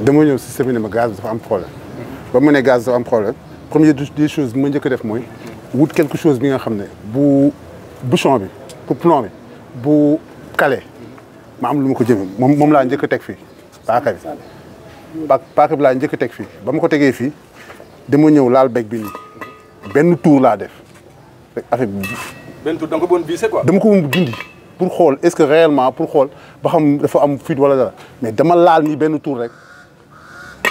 dama ñëw si semine ma gaz bi dafa am problème ba mu ne gaz dafa am problème première des choses ma njëkk def mooy wut quelque chose bi nga xam ne bu bouchon bi pour plomb bi bu kale ma am lu ma ko jëme moom moom laa njëkk a teg fii paaka bi paaka bi laa njëkk teg fii ba ma ko tegee fii dama ñëw laal beg bi nii benn tour laa def rek affaire bi benn tour ko doon visé quoi dama ko woon dindi pour xool est-ce que réellement pour xool ba xam dafa am fuite wala dara mais dama laal nii benn tour rek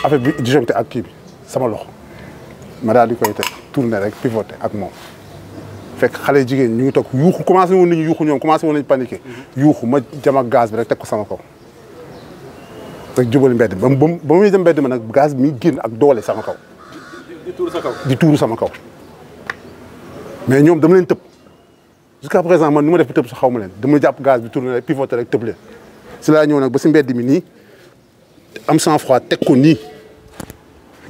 affaire bi disjoncté ak kii sama loxo ma daal di koy teg tourné rek pivoté ak moom fekk xale jigéen ñu ngi toog yuuxu commencé woon nañu yuuxu ñoom commencé woon nañu paniqué yuuxu ma jam ak bi rek teg ko sama kaw rek jubali mbedd ba ba muy dem mbedd ma nag gaz bi mi génn ak doole sama kaw di tuuru sa sama kaw mais ñoom dama leen tëb jusqu'à présent man nu ma def bi tëb sa xaw ma leen dama jàpp gaz bi tourné rek pivoté rek tëb leen si laa ñëw nag ba si mbedd mi nii am sang froid teg ko nii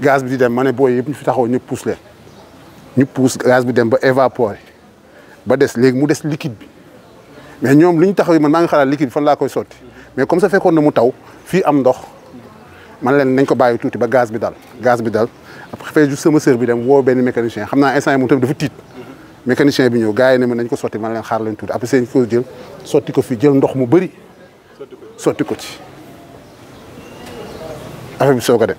gaz bi di dem ma ne booy yëpp ñu fi taxaw ñu pousse leen ñu pousse gaz bi dem ba évaporer ba des léegi mu des liquide bi mais ñoom lu ñu taxaw yi man maa ngi xalaat liquide bi fan laa koy sotti mais comme ça fekkoon na mu taw fii am ndox man leen nañ ko bàyyi tuuti ba gaz bi dal gaz bi dal après ju sama sœur bi dem woo benn mécanicien xam naa instant yi moom tamit dafa tiit mécanicien bi ñëw gars yi ne ma nañ ko sotti man leen xaar leen tuuti après seen ko jël sotti ko fii jël ndox mu bëri sotti ko ci affaire bi soog a dem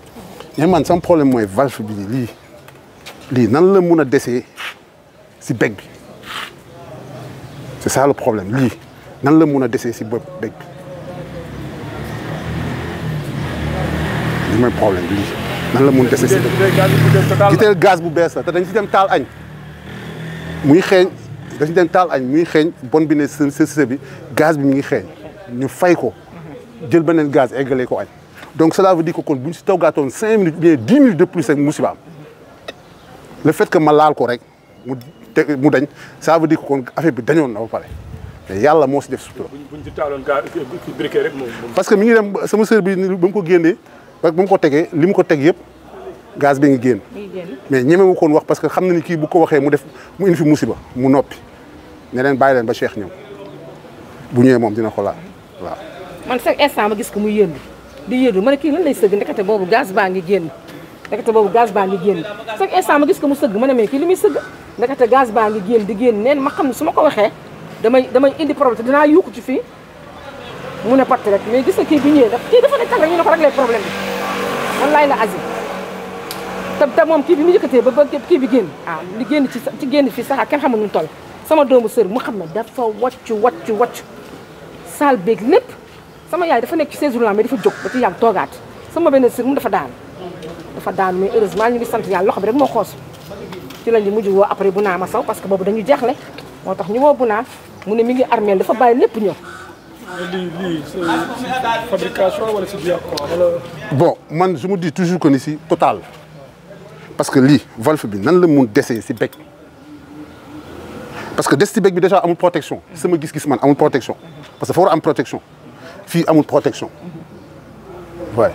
mais man sama problème mooy valve bi nii lii lii nan la mun a desee si bec bi c'est ça problème lii nan la mun a desee si bopp bec bi li mooy la mun desee si giteel gaz bu bees la te dañ si dem taal añ muy xeeñ dañ si dem taal añ muy xeeñ bon bi ne së bi gaz bi mu ngi xeeñ ñu fay ko jël beneen gaz eggalee ko añ donc cela veut dire que kon bu ñu si toggaatoon cinq minutes ou bien dix minutes de plus rek musiba am le fait que ma laal ko rek mu te mu dañ ça veut dire kon affaire bi dañoon na ba pare mais yàlla moo si def sutura. buñ ci taaloon kaa ci briquet parce que mi ngi dem sama sœur bi ba mu ko génnee ba mu ko tegee li mu ko teg yëpp gaz bi ngi génn. mais ñemewu koon wax parce que xam na ni kii bu ko waxee mu def mu indi fi musiba mu noppi ne leen bàyyi leen ba Cheikh ñëw bu ñëwee moom dina ko laal waaw. man chaque instant ma gis ko muy di yëddu mane kii lan lay sëgg ndekete boobu gaz baa ngi génn ndekete boobu gaz baa ngi génn chaque instant ma gis ko mu sëgg ma mais kii li muy sëgg ndekete gaz baa ngi génn di génn neen ma xam ne su ma ko waxee damay damay indi problème te dinaa yuuku ci fii mu ne patt rek mais gis nga kii bi ñëwee daf kii dafa ne tag rek ñu ne ko rek lay problème bi wallaay la asi te te moom kii bi mu yëkkatee ba ba kii bi génn ah li génn ci ci génn fii sax kenn xamul nu mu toll sama doomu sër mu xam ne dafa waccu waccu waccu saal beeg lépp sama yaay dafa nekk ci chaise roulante mais dafa jóg ba ci yàgg toogaat sama benn sër moom dafa daan dafa daan mais heureusement ñu ngi sant yàlla loxo bi rek moo xoos ci lañ mu mujj woo après bu naa ma saw parce que boobu dañu jeexle moo tax ñu woo bu naa mu ne mi ngi armeel dafa bàyyi lépp ñëw lii lii c'est fabrication wala man je me dis toujours si total parce que lii valve bi nan la mun desee si beg parce que des si bec bi déjà amul protection sama gis-gis man amul protection parce que foo war am protection fii amul protection waaye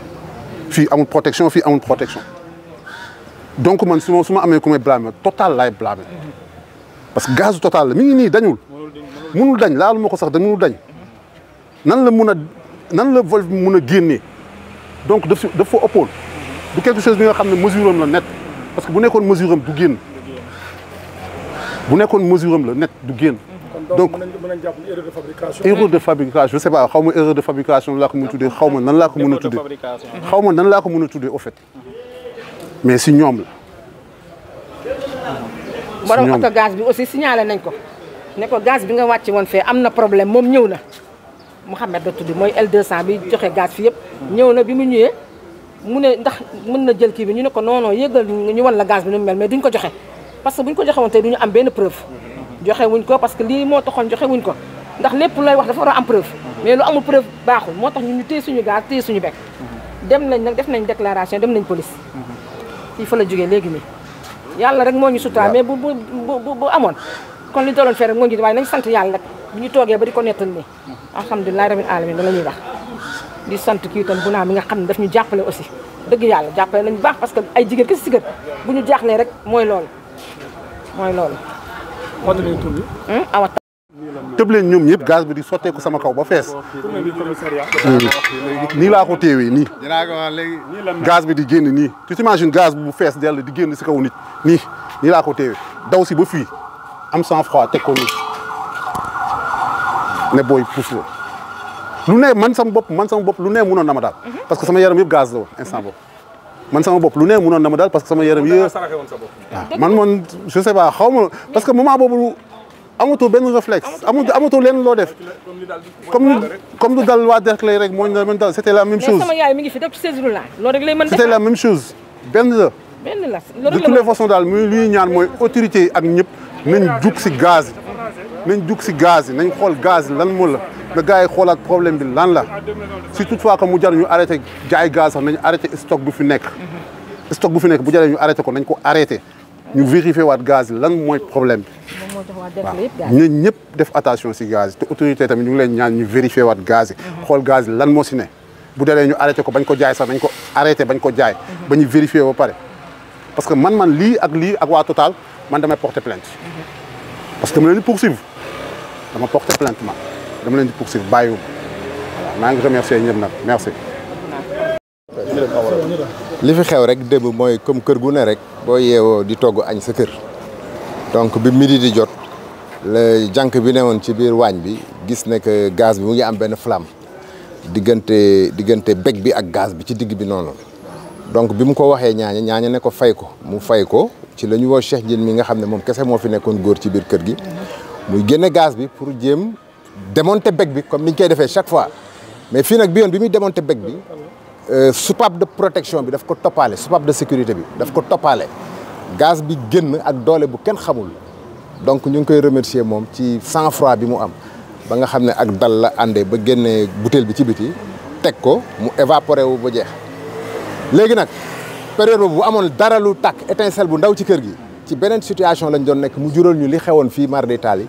fii amul protection fii amul protection donc man su ma su ma amee ku may blâmer total laay blâmer parce que gazu total la mi ngi nii dañul munul dañ laalu ma ko sax da munul dañ nan la mun a nan la Volf mun a génnee donc daf daf fa ëppoon du quelque chose bi nga xam ne mesure am la net parce que bu nekkoon mesure am du génn bu nekkoon mesure la net du génn donc mën nañu jàpp ni erreur de fabrication. erreur de fabrication je sais pas xaw ma erreur de fabrication laa ko mën a tuddee xaw ma nan laa ko mën a tuddee. xaw ma nan laa ko mën a tuddee au fait. mais si ñoom la. si borom oto gaz bi aussi si signalé nañ ko. ne ko gaz bi nga wàcc woon fee am na problème moom ñëw na. Mouhamed da tudd mooy L200 bi joxe gaz fi yëpp. ñëw na bi mu ñëwee. mu ne ndax mën na jël kii bi ñu ne ko yëgal ñu wan la gaz bi nu mel mais duñ ko joxe parce que buñ ko joxe woon tey du ñu am benn preuve. joxe wuñ ko parce que lii moo taxoon joxe wuñ ko ndax lépp lay wax dafa war am preuve mais lu amul preuve baaxul moo tax ñun ñu téye suñu gaal téye suñu bekk dem nañ nag def nañ déclaration dem nañ police fii fa la jógee léegi nii yàlla rek moo ñu sutaa mais bu bu bu amoon kon li dooloon fee rek moo ñu waaye nañ sant yàlla nag bu ñu toogee ba di ko nettal nii alhamdulilah rabbil alamin la ñuy wax di sant kii itam bu naa mi nga xam ne daf ñu jàppale aussi dëgg yàlla jàppale nañu baax parce que ay jigéen kese si gën ñu jaaxlee rek mooy loolu mooy loolu awa leen ñoom ñëpp gaz bi di sotteeku sama kaw ba fees hmm. nii laa ko téewee nii gaz bi di génn nii tu t'imagines gaz bu fees dell di génn si kaw nit nii nii laa ko téewee daw si ba fii am sang-froid teg ko nii ne booy pousse la lu ne man sama bopp man sama bopp lu ne mënoon a ma daal mhm. parce que sama yaram yëpp gaz la instant boobu man sama bop lu ne munoon na ma daal parce que sama yaram yë waaw man moon je sais pas xaw ma parce que moment boobu amatoo benn réflexe amatu amatoo leen loo def comme comme lu dal waa Derklé rek moo ñu la mën dal c' était la même chose sama yaay mi ngi fi def saison la loolu rek chose benn la benn la de toutes daal muy lu ñuy ñaan mooy autorité yi ak ñëpp nañ jug si gaz yi nañ jug si gaz yi nañ xool gaz yi lan moo la na gars yi xoolaat problème bi lan la si fois que mu jar ñu arrêté jaay gaz sax nañu arrêté stock bu fi nekk. stock bu fi nekk bu jaree ñu arrêté ko nañ ko arrêté ñu vérifié waat gaz yi lan mooy problème bi. waaw ñëpp def attention si autorité tamit ñu ngi leen ñaan ñu vérifié waat gaz yi. Mhm. xool gaz lan moo si ne bu daree ñu arrêté ko bañ ko jaay sax nañ ko arrêté bañ ko jaay. Mhm. ba ñu vérifié ba pare parce que man man lii ak lii ak waa Total man damay porter plainte. Mhm. parce que mu leen di poursuivre dama porter plainte ma dama leen di poursuivre maa ngi remercier ñëpp nag merci. li fi xew rek démb mooy comme kër gu ne rek boo yeewoo di togg añ sa kër donc bi midi di jot la jànk bi newoon ci biir waañ bi gis ne que gaz bi mu ngi am benn flamme diggante diggante bec bi ak gaz bi ci digg bi noonu donc bi mu ko waxee ñaaña ñaaña ne ko fay ko mu fay ko ci la ñu woo Cheikh Diène mi nga xam ne moom kese moo fi nekkoon góor ci biir kër gi muy génne gaz bi pour jéem demoonte bec bi comme ni ñu koy defee chaque fois mais fii nag bi yoon bi muy démonter bec bi euh, soupape de protection bi daf ko toppaale soupape de sécurité bi daf ko toppaale gaz bi génn ak doole bu kenn xamul donc ñu ngi koy remercier moom ci cent froid bi mu am ba nga xam ne ak dal la àndee ba génnee bouteille bi ci biti teg ko mu évaporé wu bu jeex léegi nag période bu amoon dara lu tàkk étincelle bu ndaw ci kër gi ci beneen situation lañ doon nekk mu jural ñu xewoon fii mar d'Italie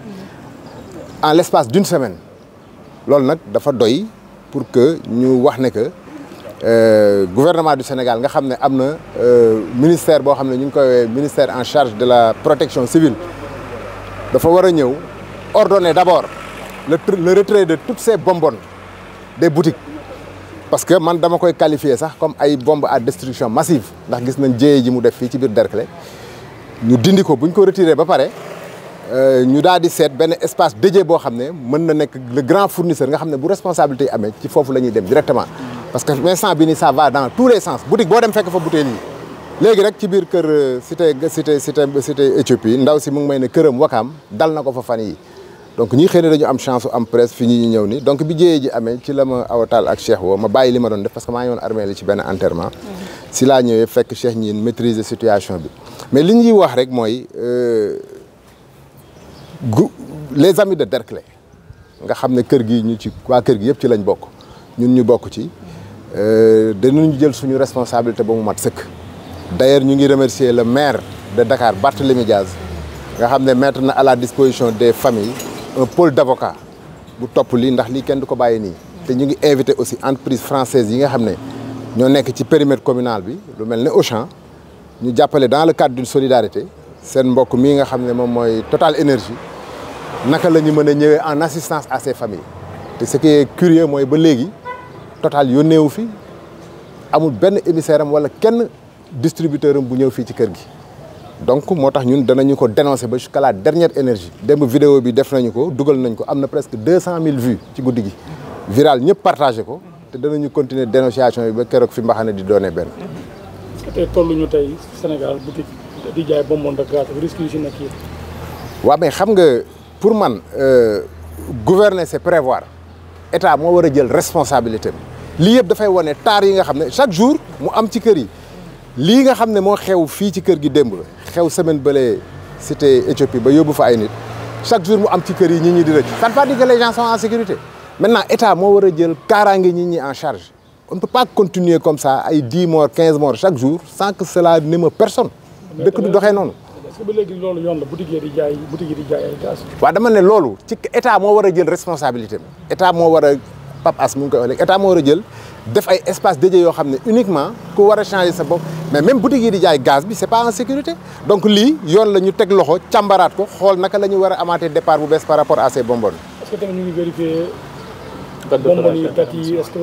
en l'espace d'une semaine loolu nag dafa doy pour que ñu wax ne que euh, gouvernement du Sénégal nga xam ne am na euh, ministère boo xam ne ñu ngi koy ministère en charge de la protection civile dafa war a ñëw ordonner d'abord le, le retrait de tout ces bombon des boutiques parce que man dama koy qualifier sax comme ay bombes à destruction massive ndax gis nañ jéye ji mu def fii ci biir Derklé ñu dindi ko bu ñu ko retiré ba pare Euh, ñu daal di seet benn espace dédié boo xam ne mën na nekk le grand fournisseur nga xam ne bu responsabilité yi amee ci foofu la ñuy dem directement. parce que instant bi nii ça va dans tous sens boutique boo dem fekk fa bouteille yi. léegi rek ci biir kër euh, cité cité Éthiopie ndaw si mu ngi may ne këram wakaam dal na ko fa fan yi donc ñii xëy am chance am presse fi ñi ñëw ni donc bi jëyee ji amee ci la ma awataal ak Cheikh woo ma bàyyi li ma doon def parce que maa ngi woon armée li ci benn enterrement si laa ñëwee fekk Cheikh ñiin maîtriser situation bi mais li ñuy wax rek mooy euh, les amis de Derklé nga xam ne kër gi ñu ci waa kër gi yëpp ci lañ bokk ñun ñu bokk ci euh, danañu jël suñu responsabilité ba mu mat sëkk d'ailleurs ñu ngi remercier le maire de Dakar Barthélémy Diaz nga xam ne mettre na à la disposition des famille un pôle d'avocat bu topp lii ndax lii kenn du ko bàyyi nii te ñu ngi invité aussi entreprise française yi nga xam ne ñoo nekk ci périmètre communal bi lu mel ne Auchan ñu jàppale dans le cadre d'une solidarité seen mbokk mii nga xam ne moom mooy Total Énergie naka la ñu mën a ñëwee en assistance à ces familles te ce qui est mooy ba léegi Total yónnee wu fi amul benn émissaire am wala kenn distributeur am bu ñëw fii ci kër gi. donc moo tax ñun danañu ko dénoncer ba jusqu'à la dernière énergie. démb vidéo bi def nañu ko dugal nañ ko am na presque deux cent mille vues ci guddi gi viral ñëpp partagé ko te danañu continuer dénonciation bi ba keroog fi mbaxane di doonee benn. di jaay bonbonne de grâce ak risques yi si nekk yëpp. waaw mais xam nga pour man euh, gouverner c'est prévoir état moo war a jël responsabilité bi lii yëpp dafay wane taar yi nga xam ne chaque jour mu am ci kër yi lii nga xam ne moo xew fii ci kër gi démb xew semaine bële cité Éthiopie ba yóbbu fa ay nit chaque jour mu am ci kër yi ñi ñi di rëcc. ça ne veut pas dire que les gens sont en sécurité maintenant état moo war jël kaaraange ñi en charge on peut pas continuer comme ça ay dix morts 15 morts chaque jour sans que cela n'émeut personne. dëkk du doxe noonu. est-ce que ba léegi loolu jaay boutique yi di jaay ay gaz. waaw dama ne loolu ci état moo war a jël responsabilité bi état moo war a Pape As mu ngi koy wax léegi état moo a jël def ay espace dédié yoo xam ne uniquement ku war a changer sa bopp mais même boutique yi di jaay gaz bi c'est pas en sécurité donc lii yoon la ñu teg loxo cambaraat ko xool naka la ñu war a amaatee départ bu bees par rapport a ces bonbonnes. est-ce que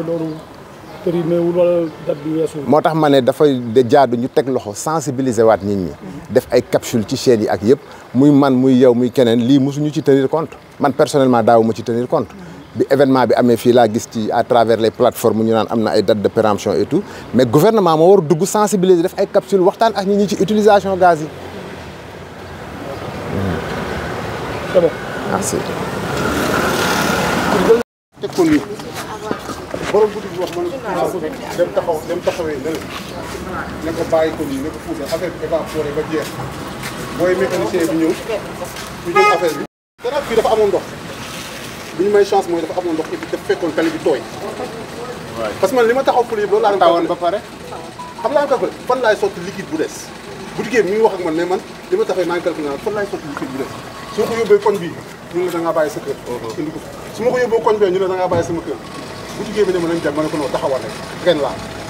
périmé wul wala date moo tax ma ne dafa jaadu ñu teg loxo sensibiliser waat nit ñi. def ay capsule ci chaîne yi ak yëpp muy man muy yow muy keneen lii mosuñu ci tenir compte man personnellement daawuma ci tenir compte. bi événement bi amee fii laa gis ci à travers les plateformes ñu naan am na ay date de péremption et tout mais gouvernement moo war dugg sensibiliser def ay capsule waxtaan ak nit ñi ci utilisation gaz yi. borom guddi bi wax ma ne ko dem taxaw dem taxawee ne ne bàyyi ko nii ne ko puudar affaire bi ba jeex mooy mécanicien bi ñëw ñu jël affaire bi. dara fii dafa amoon ndox bi ñu may chance mooy dafa amoon ndox et puis dafa fekkoon tali bi tooy. parce que man li ma taxaw fële yëpp loolu laa taawoon ba pare. xam laa calculé fan laay sotti liquide bu des bu diggee wax ak man mais man li ma taxawee maa ngi calculé fan laay sotti liquide bu des su ko yóbbee koñ bi ñu ne da bàyyi sa kër. Uh-huh. su ma ko yóbboo koñ bi ñu ne sama kër. bu jigéen bi ne ma nañ dem ma ne ko noo taxawal rek ren laa